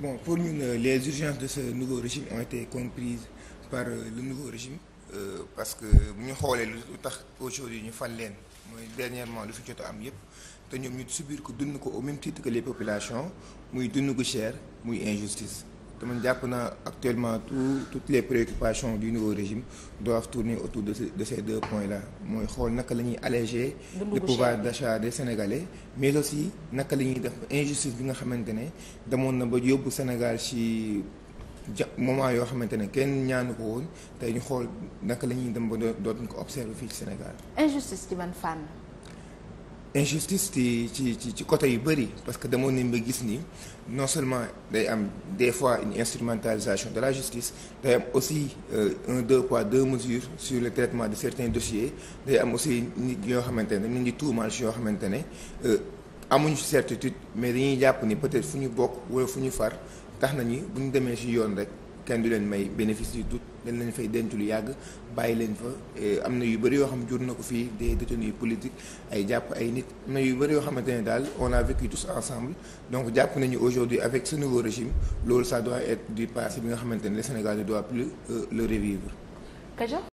Bon, pour ñun euh, les urgences de ce nouveau régime ont été comprises par euh, lu nouveau régime euh, parce que bu ñu xoolee lu tax aujourd'hui ñu fal leen mooy dernièrement lu fi jot am yëpp te ñoom ñu subir ko dund ko au même titre que les populations muy dund ko cher muy injustice te man jàpp naa actuellement tout toutes les préoccupations du nouveau régime doivent tourner autour de de ces deux points là mooy xool naka la ñuy alléger le pouvoir d'achat des Sénégalais mais aussi naka la ñuy def injustice bi nga xamante ne demoon na ba yóbbu Sénégal ci ja moment yoo xamante ne kenn ñaanu ko woon tey ñu xool naka la ñuy dem ba dootuñ ko observer fii ci Sénégal injustice ci ban fànn injustice ci ci ci ci côté yu bëri parce que demoon nañ ba gis nii non seulement day am des fois une instrumentalisation de la justice day am aussi euh, un deux poids sur le traitement de certains dossiers day am aussi nit yoo xamante ne nit ñi tuumaal si yoo xamante ne euh, amuñu certitude mais dañuy jàpp ni peut-être fu ñu bokk wala fu ñu far tax nañu bu ñu demee si yoon rek kenn du leen may bénéfice du doute dañ leen fay denc lu yàgg bàyyi leen fa eh, am na yu bëri yoo xam jur na ko fii de détenus politiques ay jàpp ay nit am na yu bëri yoo xamante ne daal on a vécu tous ensemble donc jàpp nañu aujourd'hui avec ce nouveau régime loolu ça doit être du passé bi nga xamante ne le Sénégal ne doit plus euh, le revivre